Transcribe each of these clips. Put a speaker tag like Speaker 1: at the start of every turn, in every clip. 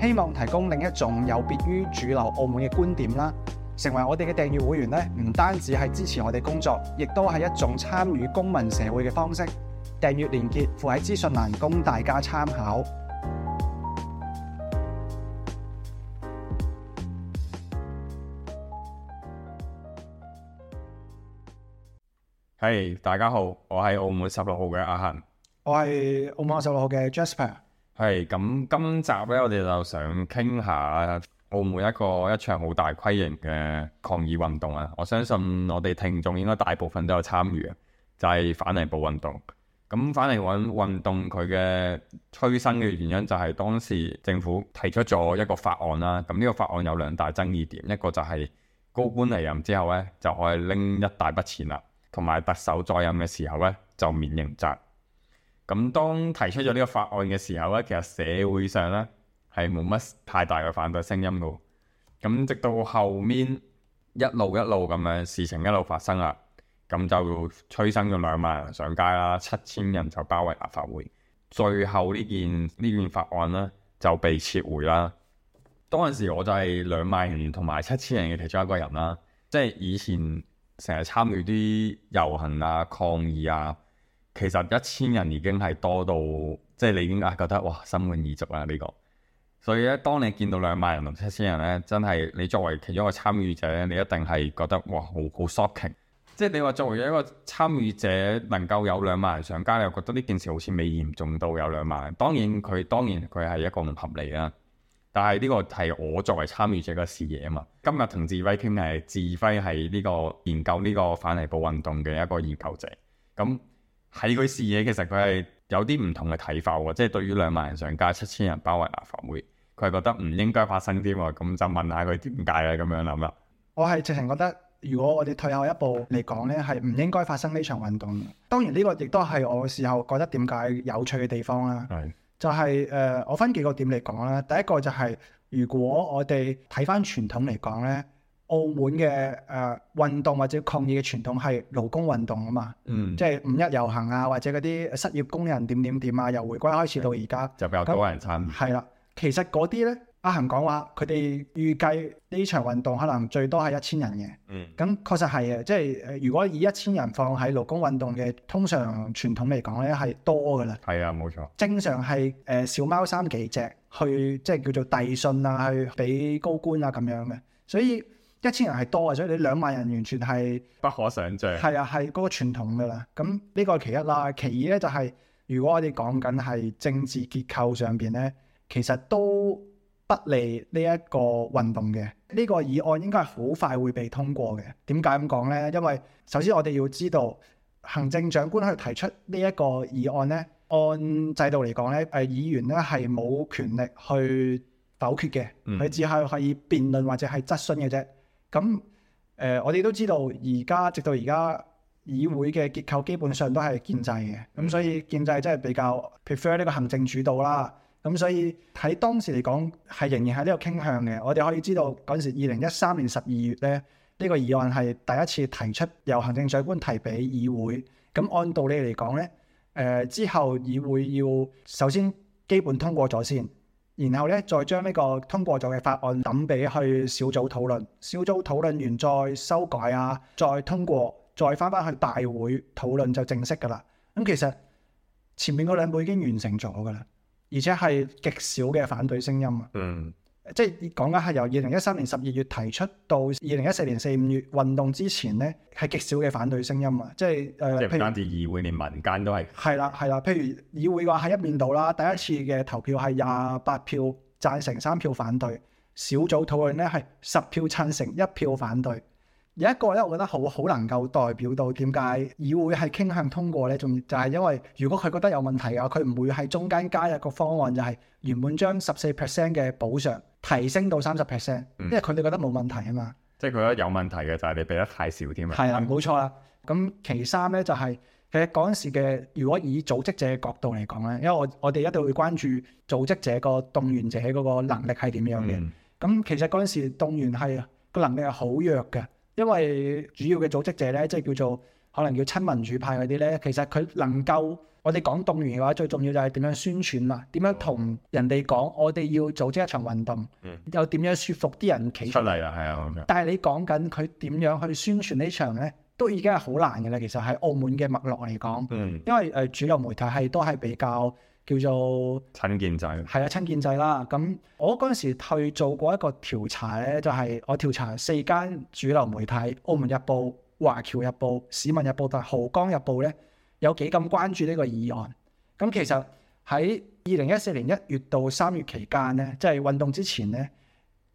Speaker 1: 希望提供另一種有別於主流澳門嘅觀點啦，成為我哋嘅訂閱會員呢，唔單止係支持我哋工作，亦都係一種參與公民社會嘅方式。訂閱連結附喺資訊欄，供大家參考。
Speaker 2: 係，hey, 大家好，我係澳門十六號嘅阿恒，
Speaker 1: 我係澳門十六號嘅
Speaker 2: Jasper。係咁，今集咧，我哋就想傾下澳門一個一場好大規型嘅抗議運動啊！我相信我哋聽眾應該大部分都有參與就係、是、反離補運動。咁反離補運動佢嘅催生嘅原因，就係當時政府提出咗一個法案啦。咁呢個法案有兩大爭議點，一個就係高官離任之後咧，就可以拎一大筆錢啦，同埋特首在任嘅時候咧就免刑責。咁當提出咗呢個法案嘅時候咧，其實社會上咧係冇乜太大嘅反對聲音噶。咁直到後面一路一路咁樣事情一路發生啦，咁就催生咗兩萬人上街啦，七千人就包圍立法會。最後呢件呢件法案咧就被撤回啦。當陣時我就係兩萬人同埋七千人嘅其中一個人啦，即係以前成日參與啲遊行啊、抗議啊。其實一千人已經係多到，即係你已經啊覺得哇心滿意足啊呢個。所以咧，當你見到兩萬人同七千人咧，真係你作為其中一個參與者咧，你一定係覺得哇好好 shocking！即係你話作為一個參與者能夠有兩萬人上街，你又覺得呢件事好似未嚴重到有兩萬人。當然佢當然佢係一個唔合理啊，但係呢個係我作為參與者嘅視野啊嘛。今日同志輝傾，係志輝係呢個研究呢個反離補運動嘅一個研究者咁。睇佢視野，其實佢係有啲唔同嘅睇法喎，嗯、即係對於兩萬人上街、七千人包圍立法會，佢係覺得唔應該發生啲喎，咁就問下佢點解嘅咁樣諗啦。
Speaker 1: 我係直情覺得，如果我哋退後一步嚟講咧，係唔應該發生呢場運動的。當然呢個亦都係我事後覺得點解有趣嘅地方啦。係是，就係、是、誒、呃，我分幾個點嚟講啦。第一個就係、是、如果我哋睇返傳統嚟講咧。澳門嘅誒運動或者抗議嘅傳統係勞工運動啊嘛，嗯，即係五一遊行啊，或者嗰啲失業工人點點點啊，由回歸開始到而家、嗯、就比較多人參與。係啦，其實嗰啲咧，阿恆講話佢哋預計呢場運動可能最多係一千人嘅。嗯，咁確實係啊，即係如果以一千人放喺勞工運動嘅通常傳統嚟講咧，係多噶啦。
Speaker 2: 係啊，冇錯。
Speaker 1: 正常係誒、呃、小貓三幾隻去即係叫做遞信啊，去俾高官啊咁樣嘅，所以。一千人係多啊，所以你兩萬人完全係
Speaker 2: 不可想象。係
Speaker 1: 啊，係嗰個傳統嘅啦。咁呢個係其一啦，其二咧就係、係，如果我哋講緊係政治結構上邊咧，其實都不利呢一個運動嘅。呢、呢個議案應該係好快會被通過嘅。點解咁講咧？因為首先我哋要知道，行政長官去提出呢一個議案咧，按制度嚟講咧，誒議員咧係冇權力去否決嘅，佢只係可以辯論或者係質詢嘅啫。嗯。咁誒、呃，我哋都知道，而家直到而家議會嘅結構基本上都係建制嘅，咁所以建制真係比較 prefer 呢個行政主導啦。咁所以喺當時嚟講係仍然係呢個傾向嘅。我哋可以知道嗰陣時年12月，二零一三年十二月咧，呢個議案係第一次提出由行政長官提俾議會，咁按道理嚟講咧，誒、呃、之後議會要首先基本通過咗先。然後咧，再將呢個通過咗嘅法案抌俾去小組討論，小組討論完再修改啊，再通過，再翻翻去大會討論就正式㗎啦。咁其實前面嗰兩步已經完成咗㗎啦，而且係極少嘅反對聲音啊。嗯即係講緊係由二零一三年十二月提出到二零一四年四五月運動之前咧，係極少嘅反對聲音啊！即係誒，譬如即係唔單止議會，連民間都係。係啦，係啦，譬如議會話喺一面倒啦，第一次嘅投票係廿八票贊成，三票反對；小組討論咧係十票贊成，一票反對。有一個咧，我覺得好好能夠代表到點解議會係傾向通過咧，仲就係、是、因為如果佢覺得有問題嘅話，佢唔會喺中間加入個方案，就係原本將十四 percent 嘅補償提升到三十 percent，因為佢哋覺得冇問題啊嘛。
Speaker 2: 即係佢覺得有問題嘅就係、是、你俾得太少添啊。係啦，
Speaker 1: 冇錯啦。咁其三咧就係、是、其實嗰陣時嘅，如果以組織者嘅角度嚟講咧，因為我我哋一定會關注組織者個動員者嗰個能力係點樣嘅。咁、嗯、其實嗰陣時動員係個能力係好弱嘅。因為主要嘅組織者咧，即係叫做可能叫親民主派嗰啲咧，其實佢能夠我哋講動員嘅話，最重要就係點樣宣傳啦，點樣同人哋講我哋要組織一場運動，嗯、又點樣説服啲人企出
Speaker 2: 嚟啦，係啊，但
Speaker 1: 係你講緊佢點樣去宣傳呢場咧，都已經係好難嘅啦。其實喺澳門嘅脈絡嚟講，嗯、因為誒主流媒體係都係比較叫做親建制，係啊，親建制啦。咁我嗰陣時去做過一個調查咧，就係我調查四間主流媒體：《澳門日報》、《華僑日報》、《市民日報》同埋《濠江日報》咧，有幾咁關注呢個議案。咁其實喺二零一四年一月到三月期間咧，即係運動之前咧。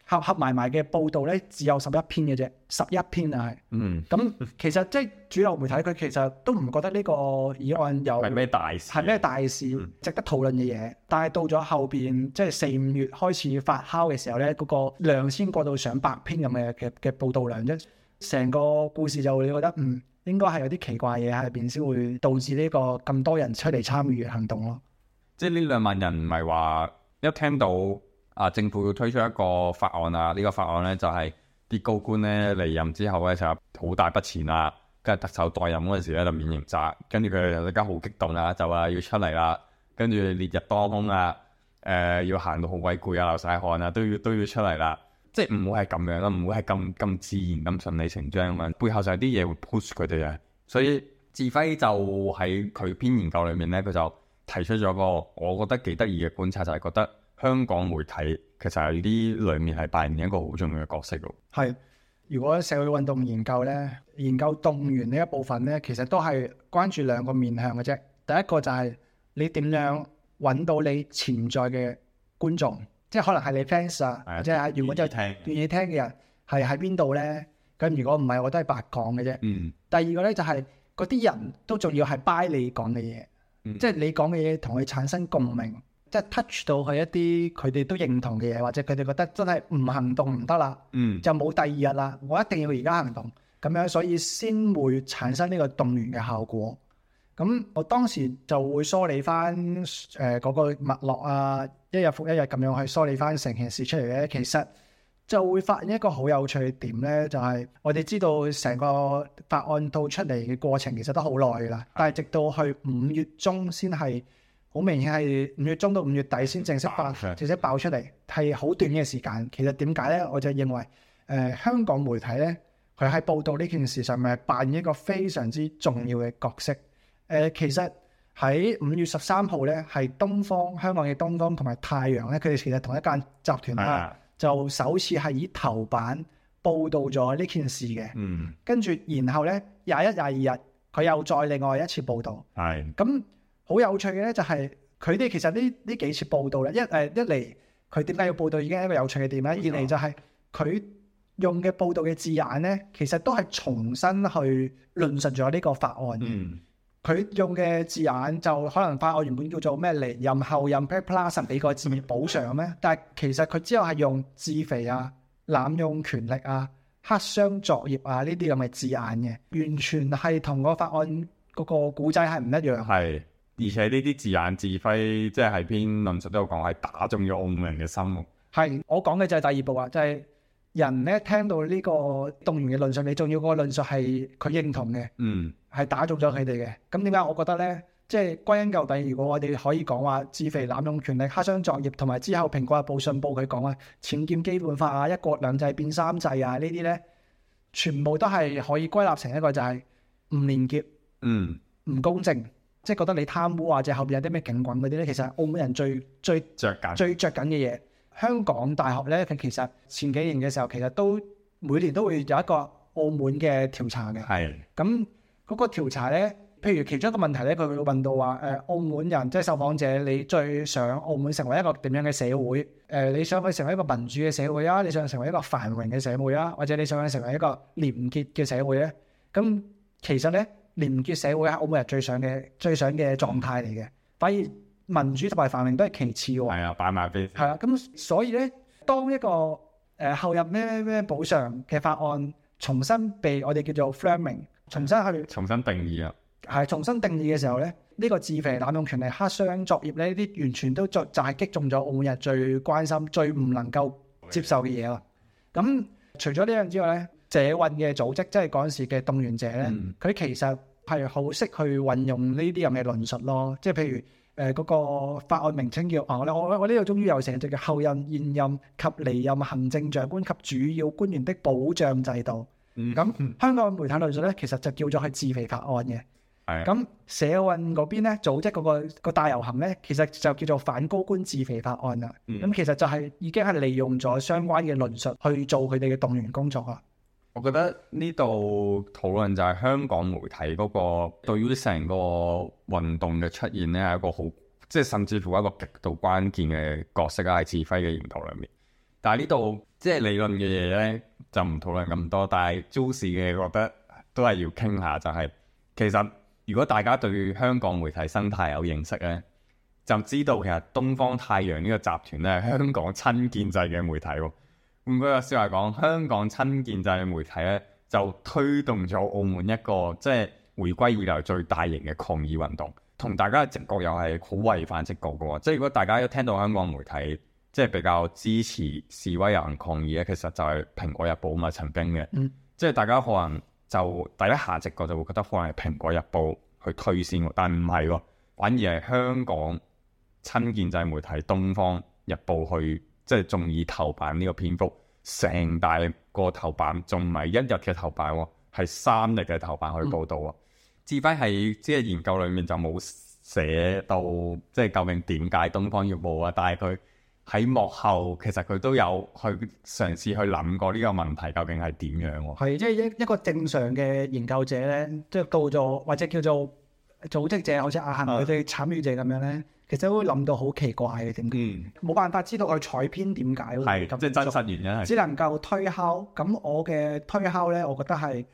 Speaker 1: 合合埋埋嘅報道咧，只有十一篇嘅啫，十一篇啊，係。嗯。咁其實即係主流媒體，佢其實都唔覺得呢個議案有係咩大事，係咩大事值得討論嘅嘢。但係到咗後邊即係四五月開始發酵嘅時候咧，嗰個量先過到上百篇咁嘅嘅嘅報道量啫。成個故事就你覺得嗯應該係有啲奇怪嘢喺入邊先會導致呢個咁多人出嚟參與嘅行動咯。
Speaker 2: 即係呢兩萬人唔係話一聽到。啊！政府要推出一個法案啊！呢個法案咧就係啲高官咧離任之後咧就好大不前啊！跟住特首代任嗰陣時咧就免刑責，跟住佢哋一間好激動啊，就話要出嚟啦！跟住烈日當空啊，誒要行到好鬼攰啊，流晒汗啊，都要都要出嚟啦！即係唔會係咁樣咯，唔會係咁咁自然咁順理成章咁樣，背後就係啲嘢會 push 佢哋啊！所以志輝就喺佢篇研究裏面咧，佢就提出咗個我覺得幾得意嘅觀察，就係覺得。香港媒體其實喺呢裏面係扮演一個好重要嘅角色咯。
Speaker 1: 係，如果社會運動研究咧，研究動員呢一部分咧，其實都係關注兩個面向嘅啫。第一個就係你點樣搵到你潛在嘅觀眾，即係可能係你 fans 啊，即係、啊啊、如果就係聽願意聽嘅人係喺邊度咧？咁如果唔係，我都係白講嘅啫。嗯。第二個咧就係嗰啲人都仲要係 buy 你講嘅嘢，即係、嗯、你講嘅嘢同佢產生共鳴。即係 touch 到佢一啲佢哋都認同嘅嘢，或者佢哋覺得真係唔行動唔得啦，嗯，mm. 就冇第二日啦。我一定要而家行動，咁樣所以先會產生呢個動員嘅效果。咁我當時就會梳理翻誒嗰個脈絡啊，一日復一日咁樣去梳理翻成件事出嚟嘅。其實就會發現一個好有趣嘅點咧，就係、是、我哋知道成個法案到出嚟嘅過程其實都好耐噶啦，mm. 但係直到去五月中先係。好明顯係五月中到五月底先正式爆，正式爆出嚟，係好短嘅時間。其實點解咧？我就認為，誒、呃、香港媒體咧，佢喺報導呢件事上面扮演一個非常之重要嘅角色。誒、呃、其實喺五月十三號咧，係東方香港嘅東方同埋太陽咧，佢哋其實同一間集團啦，是啊、就首次係以頭版報導咗呢件事嘅。嗯，跟住然後咧廿一廿二日，佢又再另外一次報導。係咁是、啊。好有趣嘅咧，就係佢哋其實呢呢幾次報道咧，一誒一嚟佢點解要報道已經係一個有趣嘅點咧，二嚟就係佢用嘅報道嘅字眼咧，其實都係重新去論述咗呢個法案嘅。佢、嗯、用嘅字眼就可能法案原本叫做咩離任、任、後任 plus 俾個字面補償咩，但係其實佢之後係用自肥啊、濫用權力啊、黑箱作業啊呢啲咁嘅字眼嘅，完全係同個法案嗰個古仔係唔一樣。
Speaker 2: 係。而且呢啲字眼字句，即係喺篇論述都有講，係打中咗澳門人嘅心目。係，我講嘅就係第二步啊，就係、是、人
Speaker 1: 咧聽到呢個動員嘅論述，你仲要嗰個論述係佢認同嘅，
Speaker 2: 嗯，
Speaker 1: 係打中咗佢哋嘅。咁點解？我覺得咧，即係歸因究底，如果我哋可以講話自肥濫用權力、黑箱作業，同埋之後《蘋果日報》信報佢講啊，僭建基本法啊，一國兩制變三制啊，這些呢啲咧，全部都係可以歸納成一個就係唔廉潔，嗯，唔公正。即係覺得你貪污或者後邊有啲咩警棍嗰啲咧，其實澳門人最最著緊、最著緊嘅嘢。香港大學咧，佢其實前幾年嘅時候，其實都每年都會有一個澳門嘅調查嘅。係。咁嗰個調查咧，譬如其中一個問題咧，佢會問到話：誒，澳門人，即係受訪者，你最想澳門成為一個點樣嘅社會？誒，你想去成為一個民主嘅社會啊？你想成為一個繁榮嘅社會啊？或者你想去成為一個廉潔嘅社會咧？咁其實咧。廉潔社會係澳門人最想嘅、最想嘅狀態嚟嘅，反而民主同埋繁榮都係其次喎。係啊，擺埋飛。係啊，咁所以咧，當一個誒候任咩咩咩補償嘅法案重新被我哋叫做 framing，重新去重新定義啊。係重新定義嘅時候咧，呢個自肥濫用權力、黑箱作業咧，呢啲完全都就就係擊中咗澳門人最關心、最唔能夠接受嘅嘢啦。咁除咗呢樣之外咧。社運嘅組織，即係嗰陣時嘅動員者咧，佢、嗯、其實係好識去運用呢啲咁嘅論述咯。即係譬如誒嗰、呃嗰個法案名稱叫，我我我呢度終於有成咗叫後任現任及離任行政長官及主要官員的保障制度。咁、嗯、香港媒體論述咧，其實就叫做係自肥法案嘅。咁、嗯、社運嗰邊咧組織嗰、嗰個嗰個大遊行咧，其實就叫做反高官自肥法案啦。咁、嗯、其實就係已經係利用咗相關嘅論述去做佢哋嘅動員工作啦。
Speaker 2: 我覺得呢度討論就係香港媒體嗰個對於成個運動嘅出現咧，係一個好，即係甚至乎一個極度關鍵嘅角色啊，喺指揮嘅源頭裏面。但係呢度即係理論嘅嘢咧，就唔討論咁多。但係諸事嘅，覺得都係要傾下，就係其實如果大家對香港媒體生態有認識咧，就知道其實東方太陽呢個集團咧係香港親建制嘅媒體。換句話說，嚟講香港親建制媒體咧，就推動咗澳門一個即係回歸以來最大型嘅抗議運動，同大家嘅直覺又係好違反直覺嘅喎。即係如果大家一聽到香港媒體即係比較支持示威人抗議咧，其實就係《蘋果日報》嘛曾經嘅，嗯、即係大家可能就第一下直覺就會覺得可能係《蘋果日報》去推先，但唔係喎，反而係香港親建制媒體《東方日報》去。即係仲以頭版呢個篇幅，成大個頭版，仲唔係一日嘅頭版喎，係三日嘅頭版去報導啊！只不過喺即係研究裏面就冇寫到，即係究竟點解《東方日報》啊？但係佢喺幕後其實佢都有去嘗試去諗過呢個問題，究竟係點樣？
Speaker 1: 係即係一一個正常嘅研究者咧，即係到咗或者叫做組織者，好似阿恆佢哋參與者咁樣咧。其實會諗到好奇怪嘅點解，嗯，冇辦法知道佢採編點解咯，
Speaker 2: 係咁即係真實原因，只
Speaker 1: 能夠推敲。咁我嘅推敲咧，我覺得係誒、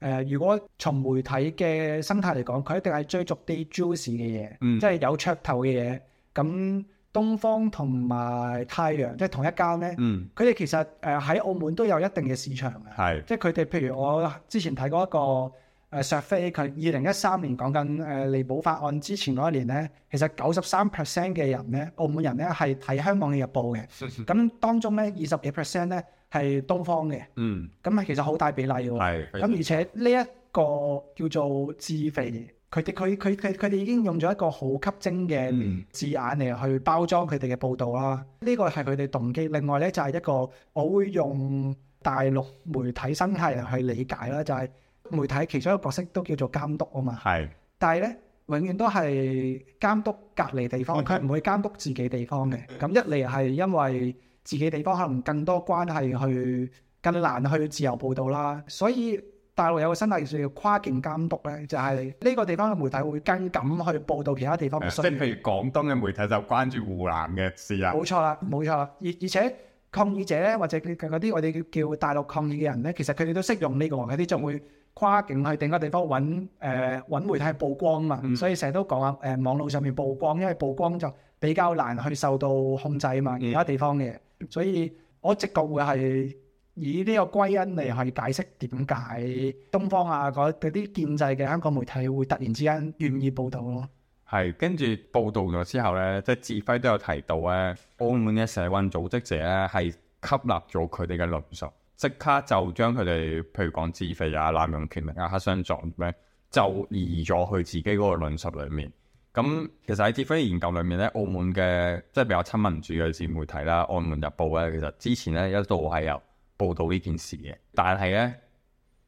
Speaker 1: 呃，如果從媒體嘅生態嚟講，佢一定係追逐啲 juice 嘅嘢，即係、嗯、有噱頭嘅嘢。咁東方同埋太陽即係、就是、同一間咧，佢哋、嗯、其實誒喺澳門都有一定嘅市場嘅，係是即係佢哋譬如我之前睇過一個。誒石飛佢二零一三年講緊誒離補法案之前嗰一年咧，其實九十三 percent 嘅人咧，澳門人咧係睇香港嘅日報嘅。咁 當中咧，二十二 percent 咧係東方嘅。嗯。咁啊，其實好大比例喎。咁、嗯、而且呢一個叫做自肥，佢哋佢佢佢佢哋已經用咗一個好吸睛嘅字眼嚟去包裝佢哋嘅報導啦。呢個係佢哋動機。另外咧就係、是、一個，我會用大陸媒體生態嚟去理解啦，就係、是。媒體其中一個角色都叫做監督啊嘛，係，但係咧永遠都係監督隔離地方，佢唔會監督自己地方嘅。咁一嚟係因為自己地方可能更多關係去，更難去自由報道啦。所以大陸有個生態叫跨境監督咧，就係呢個地方嘅媒體會跟緊去報道其他地方嘅新聞。即係譬
Speaker 2: 如廣東嘅媒體就關注湖南嘅事啊，冇
Speaker 1: 錯啦，冇錯啦。而而且抗議者咧，或者佢嗰啲我哋叫大陸抗議嘅人咧，其實佢哋都識用呢個，有啲就會。跨境去定個地方揾誒揾媒體曝光啊嘛，嗯、所以成日都講啊誒網絡上面曝光，因為曝光就比較難去受到控制啊嘛，其他地方嘅，嗯、所以我直覺會係以呢個歸因嚟去解釋點解東方啊嗰啲建制嘅香港媒體會突然之間願意報導咯。
Speaker 2: 係跟住報導咗之後咧，即係志輝都有提到咧，澳門嘅社運組織者咧係吸納咗佢哋嘅論述，即刻就將佢哋，譬如講自肥啊、濫用權力啊、黑箱作業，就移咗去自己嗰個論述裏面。咁其實喺啲分析研究裏面咧，澳門嘅即係比較親民主嘅媒體啦，《澳門日報》咧，其實之前咧一度係有報導呢件事嘅，但係咧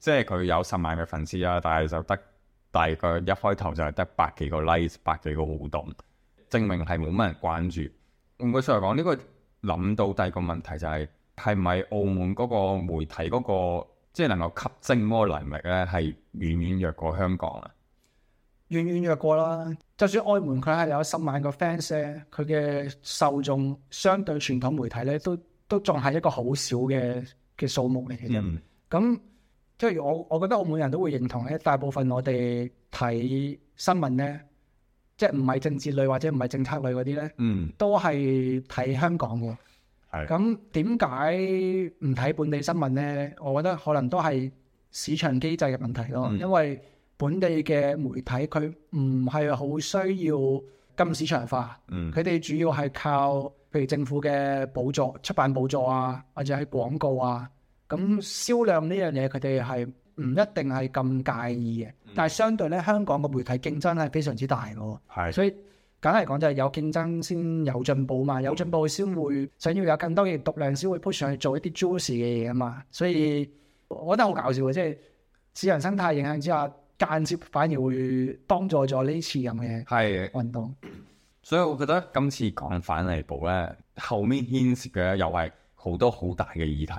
Speaker 2: 即係佢有十萬嘅粉絲啊，但係就得大概一開頭就係得百幾個 like、百幾個互動，證明係冇乜人關注。換句説嚟講，呢、這個諗到第二個問題就係、是。係咪澳門嗰個媒體嗰個即係能夠吸睛嗰個能力咧，係遠遠弱過香港啊？
Speaker 1: 遠遠弱過啦！就算澳門佢係有十萬個 fans，佢嘅受眾相對傳統媒體咧，都都仲係一個好少嘅嘅數目嚟嘅。嗯，咁即係我我覺得澳門人都會認同咧。大部分我哋睇新聞咧，即係唔係政治類或者唔係政策類嗰啲咧，嗯，都係睇香港嘅。咁點解唔睇本地新聞呢？我覺得可能都係市場機制嘅問題咯。嗯、因為本地嘅媒體佢唔係好需要咁市場化，佢哋、嗯、主要係靠，譬如政府嘅補助、出版補助啊，或者係廣告啊。咁銷量呢樣嘢佢哋係唔一定係咁介意嘅。但係相對咧，香港嘅媒體競爭係非常之大咯。嗯、所以。簡單嚟講，就係有競爭先有進步嘛，有進步先會想要有更多嘅讀量，先會 push 上去做一啲 juicy 嘅嘢嘛。所以我覺得好搞笑嘅，即係自然生態影響之下，間接反而會幫助咗呢次咁嘅運動。
Speaker 2: 所以我覺得今次講反離補咧，後面牽涉嘅又係好多好大嘅議題。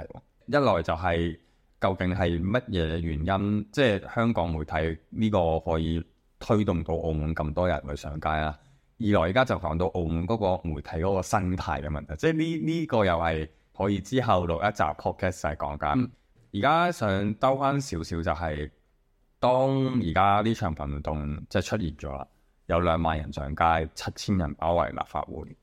Speaker 2: 一來就係究竟係乜嘢原因，即係香港媒體呢個可以推動到澳門咁多人去上街啊？二來，而家就講到澳門嗰個媒體嗰個生態嘅問題，即係呢呢個又係可以之後錄一集 podcast 嚟講緊。而家、嗯、想兜翻少少，就係當而家呢場運動即係出現咗啦，有兩萬人上街，七千人包圍立法會。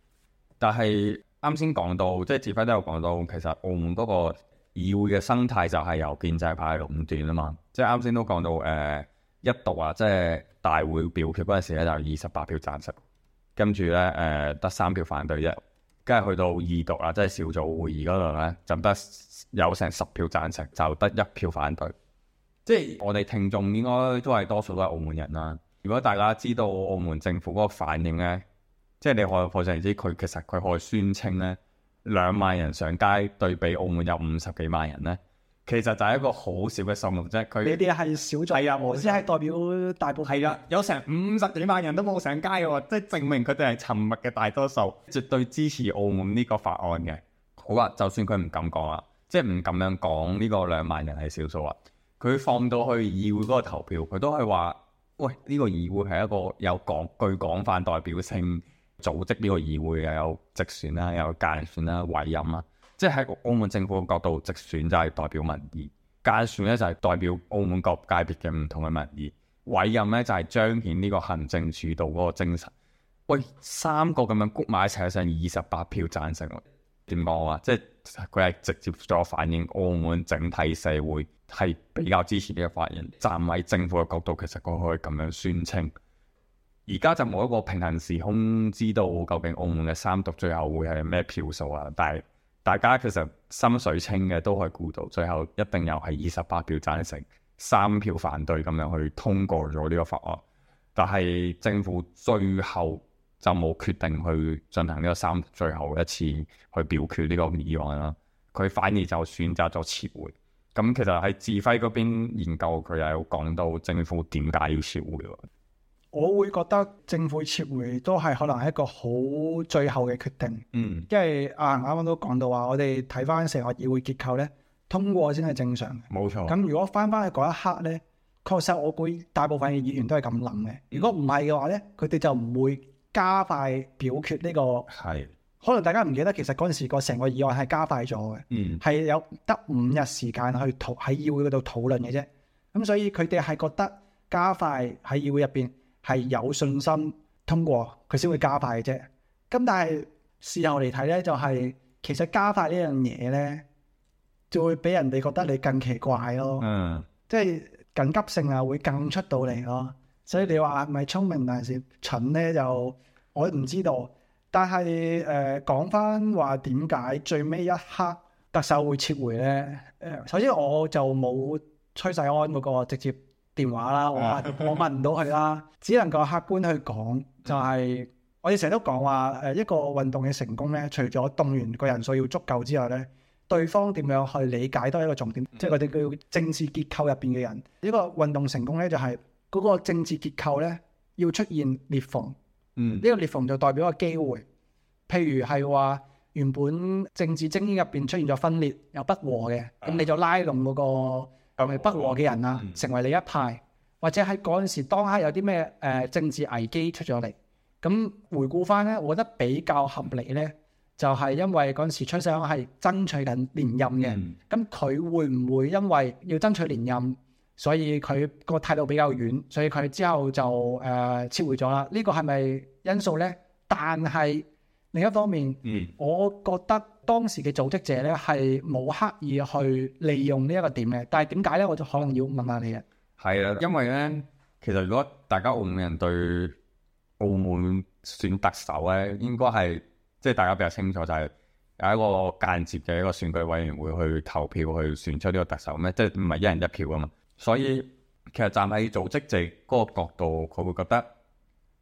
Speaker 2: 但係啱先講到，即係志輝都有講到，其實澳門嗰個議會嘅生態就係由建制派去壟斷啊嘛。即係啱先都講到，誒、呃、一讀啊，即係大會表決嗰陣時咧，就二十八票贊成。跟住咧，誒、呃、得三票反對啫，跟住去到二讀啦，即係小組會議嗰度咧，就得有成十票贊成，就得一票反對。即係我哋聽眾應該都係多數都係澳門人啦。如果大家知道澳門政府嗰個反應咧，即係你可，可想而知佢其實佢可以宣稱咧，兩萬人上街，對比澳門有五十幾萬人咧。其實就係一個好少嘅數目啫，佢呢啲係少數，係啊，無非係代表大部，係啦，有成五十幾萬人都冇上街喎，即係證明佢哋係沉默嘅大多數，絕對支持澳門呢個法案嘅。好啊，就算佢唔敢講啊，即係唔咁樣講呢個兩萬人係少數啊，佢放到去議會嗰個投票，佢都係話，喂，呢、呢個議會係一個有廣具廣泛代表性組織，呢個議會又有直選啦，有間選啦，有委任啊。即係喺澳門政府嘅角度，直選就係代表民意；間選咧就係代表澳門各界別嘅唔同嘅民意；委任咧就係彰顯呢個行政主導嗰個精神。喂，三個咁樣谷埋，一齊上二十八票贊成喎，點講啊？即係佢係直接咗反映澳門整體社會係比較支持呢個發言。站喺政府嘅角度，其實佢可以咁樣宣稱。而家就冇一個平衡時空知道究竟澳門嘅三讀最後會係咩票數啊！但係，大家其實心水清嘅都可以估到最後一定又係二十八票贊成，三票反對咁樣去通過咗呢個法案。但係政府最後就冇決定去進行呢個三最後一次去表決呢個議案啦。佢反而就選擇咗撤回。咁、嗯、其實喺智輝嗰邊研究，佢又有講到政府點解要撤回。
Speaker 1: 我會覺得政府撤回都係可能係一個好最後嘅決定。嗯。因為啊，啱啱都講到話，我哋睇翻成個議會結構咧，通過先係正常嘅。冇錯。咁如果翻翻去嗰一刻咧，確實我估大部分嘅議員都係咁諗嘅。嗯、如果唔係嘅話咧，佢哋就唔會加快表決呢個。係。可能大家唔記得，其實嗰陣時個成個議案係加快咗嘅。嗯。係有得五日時間去討喺議會嗰度討論嘅啫。咁所以佢哋係覺得加快喺議會入邊，係有信心通過，佢先會加快啫。咁但係事後嚟睇咧，就係其實加快呢樣嘢咧，就會俾人哋覺得你更奇怪咯。嗯，即係緊急性啊，會更出到嚟咯。所以你話係咪聰明還是蠢咧？就我唔知道。但係誒，講翻話點解最尾一刻特首會撤回咧？誒，首先我就冇崔世安嗰個直接。電話啦，我問我問唔到佢啦， 只能夠客觀去講，就係我哋成日都講話誒一個運動嘅成功咧，除咗動員個人數要足夠之外咧，對方點樣去理解都係一個重點。即係我哋叫政治結構入邊嘅人，呢個運動成功咧就係嗰個政治結構咧要出現裂縫。嗯，呢個裂縫就代表個機會。譬如係話原本政治精英入邊出現咗分裂又不和嘅，咁你就拉攏嗰個，係咪不和嘅人啊？成為你一派，或者喺嗰陣時當刻有啲咩誒政治危機出咗嚟？咁回顧返咧，我覺得比較合理咧，就係因為嗰陣時崔世安係爭取緊連任嘅，咁佢會唔會因為要爭取連任，所以佢個態度比較軟，所以佢之後就誒撤回咗啦？呢個係咪因素咧？但係另一方面，我覺得，當時嘅組織者咧係冇刻意去利用呢一個點嘅，但係點解咧？我就可能要問下你啊。
Speaker 2: 係啊，因為咧，其實如果大家澳門人對澳門選特首咧，應該係即係大家比較清楚，就係有一個間接嘅一個選舉委員會去投票去選出呢個特首咩？即係唔係一人一票啊嘛。所以其實站喺組織者嗰個角度，佢會覺得。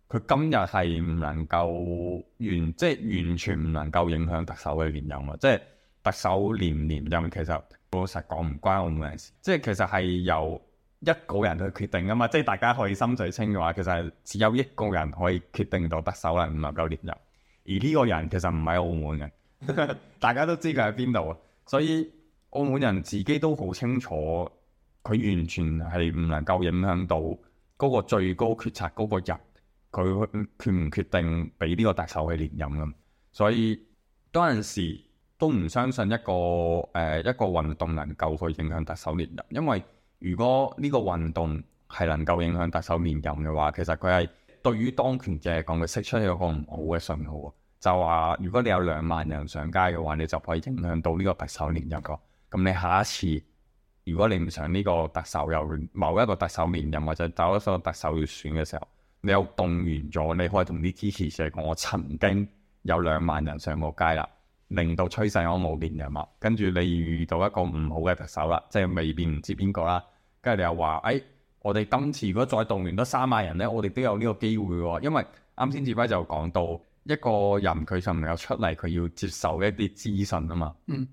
Speaker 2: 佢今日係唔能夠完，即係完全唔能夠影響特首嘅連任啊！即係特首連唔連任，其實老實講唔關澳門人事，即係其實係由一個人去決定噶嘛。即係大家可以心水清嘅話，其實係只有一個人可以決定到特首啦，唔能夠連任。而呢個人其實唔係澳門嘅， 大家都知佢喺邊度，啊，所以澳門人自己都好清楚，佢完全係唔能夠影響到嗰個最高決策嗰個人。佢決唔決定俾呢個特首去連任咁，所以嗰陣時都唔相信一個誒、呃、一個運動能夠去影響特首連任。因為如果呢個運動係能夠影響特首連任嘅話，其實佢係對於當權者嚟講，佢釋出一個唔好嘅信號。就話如果你有兩萬人上街嘅話，你就可以影響到呢個特首連任㗎咁。你下一次如果你唔想呢個特首有某一個特首連任或者找一個特首要選嘅時候。你又動員咗，你可以同啲支持者講：我曾經有兩萬人上過街啦，令到趨勢我冇連任啦。跟住你遇到一個唔好嘅特首啦，即係未變唔知邊個啦。跟住你又話：誒、哎，我哋今次如果再動員多三萬人咧，我哋都有呢個機會喎、哦。因為啱先志輝就講到一個人佢就唔有出嚟，佢要接受一啲資訊啊嘛。嗯，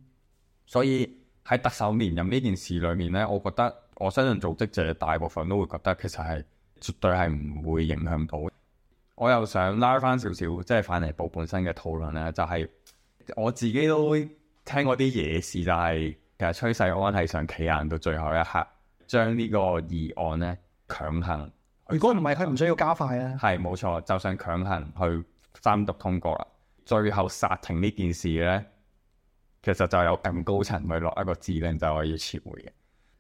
Speaker 2: 所以喺特首連任呢件事裏面咧，我覺得我相信組織者大部分都會覺得其實係。絕對係唔會影響到。我又想拉翻少少，即係反離補本身嘅討論咧，就係我自己都聽過啲嘢事，就係其實崔世安係想企硬到最後一刻，將呢個議案咧強行。如果唔係，佢唔需要加快啊。係冇錯，就想強行去三讀通過啦。最後殺停呢件事咧，其實就有咁高層去落一個指令，就係要撤回嘅。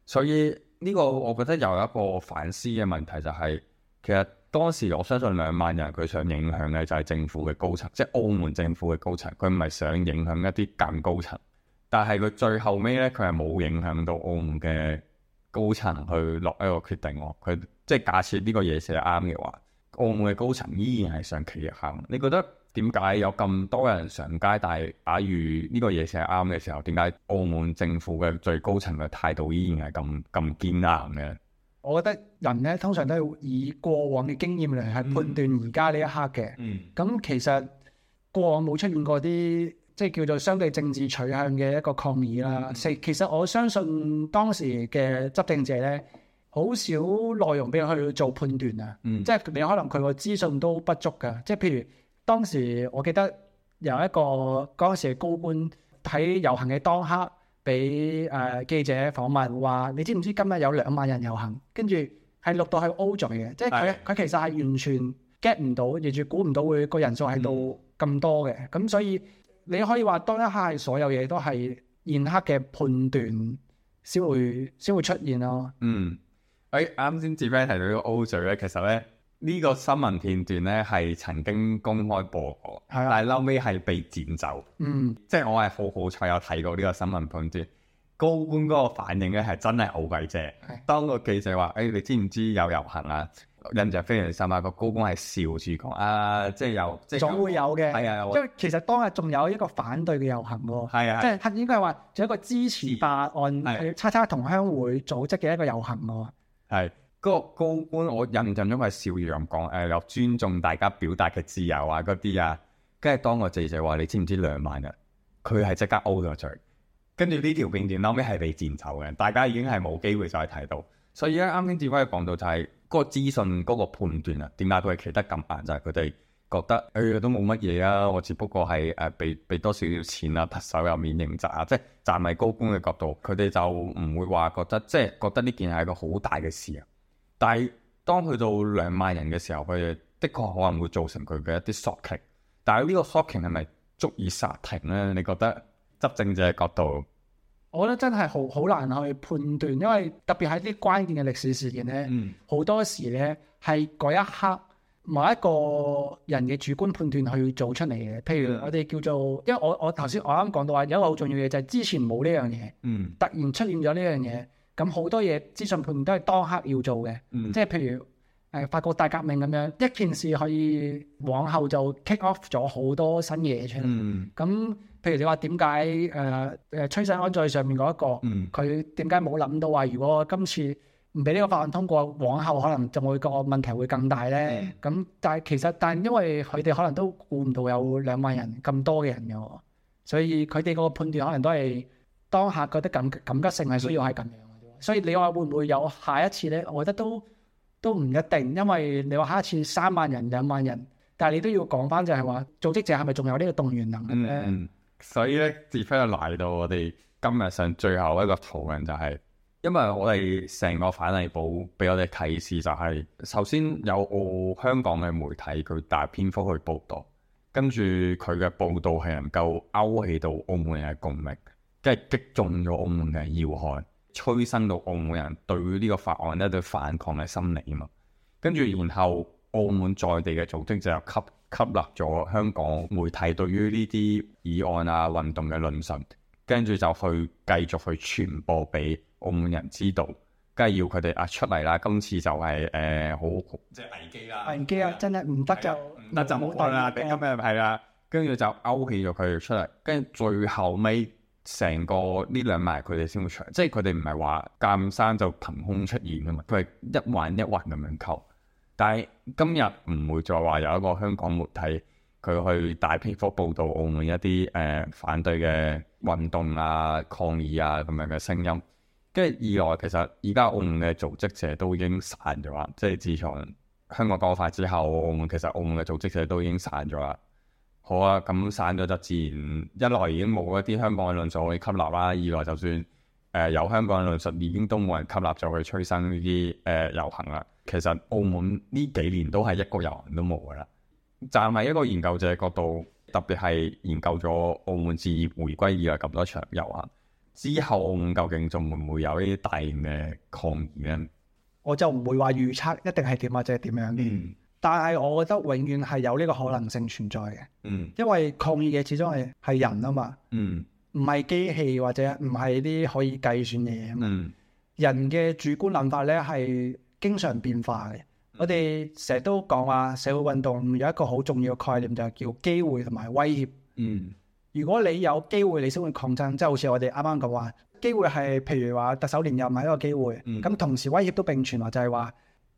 Speaker 2: 所以。呢個我覺得有一個反思嘅問題就係，是，其實當時我相信兩萬人佢想影響嘅就係政府嘅高層，即係澳門政府嘅高層，佢唔係想影響一啲更高層，但係佢最後尾咧佢係冇影響到澳門嘅高層去落一個決定咯。佢即係假設呢個嘢寫啱嘅話，澳門嘅高層依然係想企一行，你覺得？點解有咁多人上街？但係假如呢個嘢事係啱嘅時候，點解澳門政府嘅最高層嘅態度依然係咁咁堅硬嘅？
Speaker 1: 我覺得人咧通常都係以過往嘅經驗嚟係判斷而家呢一刻嘅。嗯，咁其實過往冇出現過啲即係叫做相對政治取向嘅一個抗議啦。四，嗯、其實我相信當時嘅執政者咧，好少內容俾佢去做判斷啊。嗯，即係你可能佢個資訊都不足噶，即係譬如。當時我記得有一個嗰陣時嘅高官喺遊行嘅當刻，俾誒記者訪問話：你知唔知今日有兩萬人遊行？跟住係錄到係 O 嘴嘅，即係佢佢其實係完全 get 唔到，而且估唔到會個人數喺度咁多嘅。咁所以你可以話當一刻係所有嘢都係現刻嘅判斷先會先會出現咯。嗯，
Speaker 2: 誒啱先志偉提到呢個 O 嘴咧，其實咧。呢個新聞片段咧係曾經公開播過，係啊，但係嬲尾係被剪走。嗯，即係我係好好彩有睇過呢個新聞片段。高官嗰個反應咧係真係好鬼正。係，當個記者話：誒、欸，你知唔知有遊行啊？印象非常深啊！個高官係笑住講：啊，即係有，即係總會有嘅。係啊，哎，因為
Speaker 1: 其實當日仲有一個反對嘅遊行喎。啊，即係係應該話仲有一個支持法案，係叉叉同鄉會組織嘅一個遊行喎。
Speaker 2: 嗰個高官，我印象中係邵陽講誒，有、呃、尊重大家表達嘅自由啊，嗰啲啊，跟住當我姐姐話你知唔知兩萬人？佢係即刻 O 咗嘴，跟住呢條片段後尾係被剪走嘅，大家已經係冇機會再睇到。所以咧，啱先志輝講到就係、是、嗰、那個資訊嗰個判斷啊，點解佢係企得咁硬？就係佢哋覺得誒、欸、都冇乜嘢啊，我只不過係誒俾俾多少少錢啊，特首有免刑責啊，即係站喺高官嘅角度，佢哋就唔會話覺得即係覺得呢件係一個好大嘅事啊。但係當去到兩萬人嘅時候，佢的確可能會造成佢嘅一啲 shocking。但係呢個 shocking 係咪足以殺停咧？你覺得執政者角度，
Speaker 1: 我覺得真係好好難去判斷，因為特別喺啲關鍵嘅歷史事件咧，好、嗯、多時咧係嗰一刻某一個人嘅主觀判斷去做出嚟嘅。譬如我哋叫做，嗯、因為我我頭先我啱講到話，有一個好重要嘅就係、是、之前冇呢樣嘢，嗯、突然出現咗呢樣嘢。咁好多嘢資訊判都係當刻要做嘅。即係、嗯、譬如誒、呃、法國大革命咁樣一件事，可以往後就 kick off 咗好多新嘢出嚟。咁、嗯、譬如你話點解誒誒崔世安最上面嗰、那、一個佢點解冇諗到話，如果今次唔俾呢個法案通過，往後可能就會個問題會更大咧？咁、嗯、但係其實但係因為佢哋可能都估唔到有兩萬人咁多嘅人㗎，所以佢哋嗰個判斷可能都係當下覺得緊緊急性係需要係咁嘅。嗯所以你話會唔會有下一次呢？我覺得都都唔一定，因為你話下一次三萬人、兩萬人，但係你都要講返就係話組織者係咪仲有呢個動員能力呢？嗯，
Speaker 2: 所以呢，至 final 嚟到我哋今日上最後一個圖文就係、是，因為我哋成個反離補俾我哋嘅提示就係、是，首先有澳，澳香港嘅媒體佢大篇幅去報導，跟住佢嘅報導係能夠勾起到澳門人嘅共鳴，即係擊中咗澳門嘅要害。催生到澳門人對於呢個法案呢，對反抗嘅心理啊嘛，跟住然後澳門在地嘅組織就吸吸納咗香港媒體對於呢啲議案啊運動嘅論述，跟住就去繼續去傳播俾澳門人知道，梗係要佢哋啊出嚟啦。今次就係誒好即係
Speaker 1: 危機啦，危機啊！真係唔得就唔
Speaker 2: 得就冇得啦。咁樣係啦，跟住就勾起咗佢哋出嚟，跟住最後尾。成個呢兩埋佢哋先會出嚟，即係佢哋唔係話監生就憑空出現啊嘛，佢係一環一環咁樣扣。但係今日唔會再話有一個香港媒體佢去大篇幅報導澳門一啲、呃、反對嘅運動啊、抗議啊咁樣嘅聲音。跟住二來其實而家澳門嘅組織者都已經散咗啦，即係自從香港爆發之後，澳門其實澳門嘅組織者都已經散咗啦。好啊，咁散咗就自然一來已經冇一啲香港嘅論述可以吸納啦，二來就算誒、呃、有香港嘅論述，已經都冇人吸納咗去催生呢啲誒遊行啦。其實澳門呢幾年都係一個遊行都冇噶啦。站喺一個研究者角度，特別係研究咗澳門自業回歸以來咁多場遊行之後，澳門究竟仲會唔會有啲大型嘅抗議咧？
Speaker 1: 我就唔會話預測一定係點啊，或者係點樣。就是但係，我覺得永遠係有呢個可能性存在嘅。嗯，因為抗議嘅始終係係人啊嘛。嗯，唔係機器或者唔係啲可以計算嘅嘢。嗯，人嘅主觀諗法咧係經常變化嘅。嗯，我哋成日都講話社會運動有一個好重要嘅概念就係叫機會同埋威脅。嗯，如果你有機會，你先會抗爭。即係好似我哋啱啱講話，機會係譬如話特首連任係一個機會。嗯，咁同時威脅都並存啊，就係話，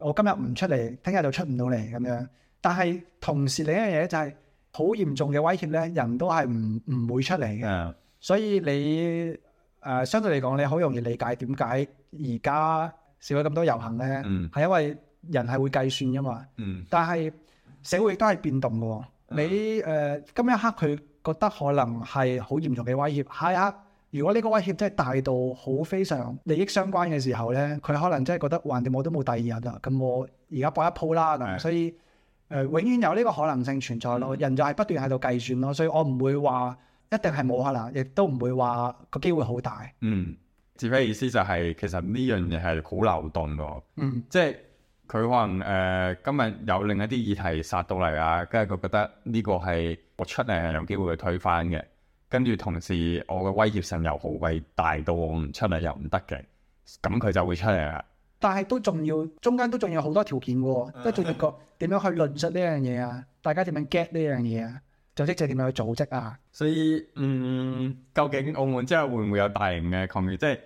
Speaker 1: 我今日唔出嚟，聽日就出唔到嚟咁樣。但係同時另一樣嘢就係好嚴重嘅威脅咧，人都係唔唔會出嚟嘅。所以你誒相對嚟講咧，你好容易理解點解而家少咗咁多遊行咧，係因為人係會計算㗎嘛。但係社會都係變動㗎。你誒今一刻佢覺得可能係好嚴重嘅威脅，下一刻。如果呢個威脅真係大到好非常利益相關嘅時候咧，佢可能真係覺得，橫掂我都冇第二日啦，咁我而家搏一鋪啦。咁是的 所以誒、呃，永遠有呢個可能性存在咯。嗯、人就係不斷喺度計算咯，所以我唔會話一定係冇可能，亦都唔會話個機會好大。嗯，
Speaker 2: 志飛意思就係、是、其實呢樣嘢係好流動㗎。嗯即，即係佢可能誒、呃、今日有另一啲議題殺到嚟啊，跟住佢覺得呢個係我出嚟係有機會去推翻嘅。跟住，同時我嘅威脅性又好，係大到我唔出嚟又唔得嘅，咁佢就會出嚟啦。
Speaker 1: 但係都仲要中間都仲有好多條件喎，即係仲要個點樣去論述呢樣嘢啊？大家點樣 get 呢樣嘢啊？組織就點樣去組織啊？
Speaker 2: 所以嗯，究竟澳門真係會唔會有大型嘅抗議？即係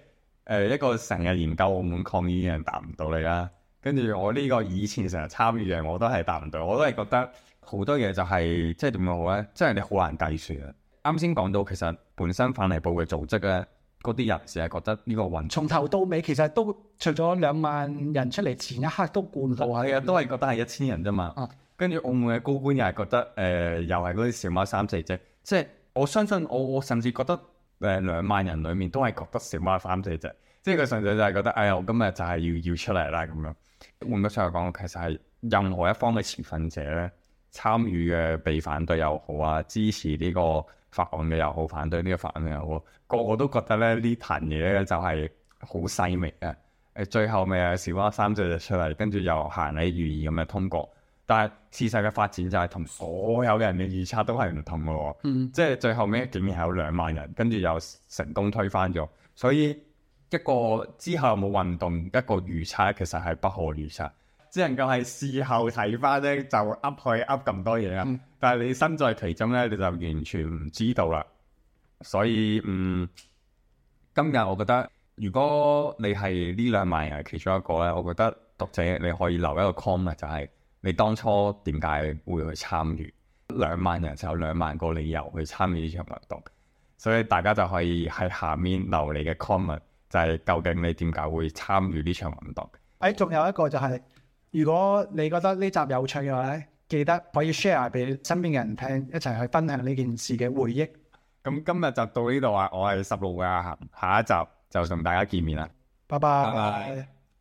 Speaker 2: 呃，一個成日研究澳門抗議嘅人答唔到你啦。跟住我呢個以前成日參與嘅，我都係答唔到，我都係覺得好多嘢就係即係點講好咧？即係你好難計算啊！啱先講到，其實本身反離補嘅組織咧，嗰啲人只係覺得呢個運動，從頭到尾其實都除咗兩萬人出嚟前一刻都灌唔到，係啊，都係覺得係一千人啫嘛。跟住澳門嘅高官又係覺得，誒、呃、又係嗰啲小貓三四隻，即係我相信我，我甚至覺得誒兩、呃、萬人裡面都係覺得小貓三四隻，即係佢純粹就係覺得，哎呀，我今日就係要要出嚟啦咁樣。換咗出嚟講，其實係任何一方嘅持份者咧，參與嘅被反對又好啊，支持呢、這個法案嘅又好，反對呢個法案嘅又好，個個都覺得咧呢壇嘢咧就係好細微。誒，最後咪啊小貓三隻就出嚟，跟住又行禮如儀咁樣通過。但係事實嘅發展就係同所有嘅人嘅預測都係唔同嘅喎，嗯、即係最後尾，竟然有兩萬人跟住又成功推翻咗。所以一個之後有冇運動，一個預測其實係不可預測。只能夠係事後睇返咧，就噏佢噏咁多嘢啊。嗯、但係你身在其中咧，你就完全唔知道啦。所以嗯，今日我覺得，如果你係呢兩萬人其中一個咧，我覺得讀者你可以留一個 comment，就係、是、你當初點解會去參與。兩萬人就有兩萬個理由去參與呢場運動，所以大家就可以喺下面留你嘅 comment，就係究竟你點解會參與呢場運動？
Speaker 1: 誒，仲有一個就係、是。如果你覺得呢集有趣嘅話，記得可以 share 俾身邊嘅人聽，一齊去分享呢件事嘅回憶。
Speaker 2: 咁、嗯、今日就到呢度啊！我係十路嘅阿恆，下一集就同大家見面啦。
Speaker 1: 拜拜。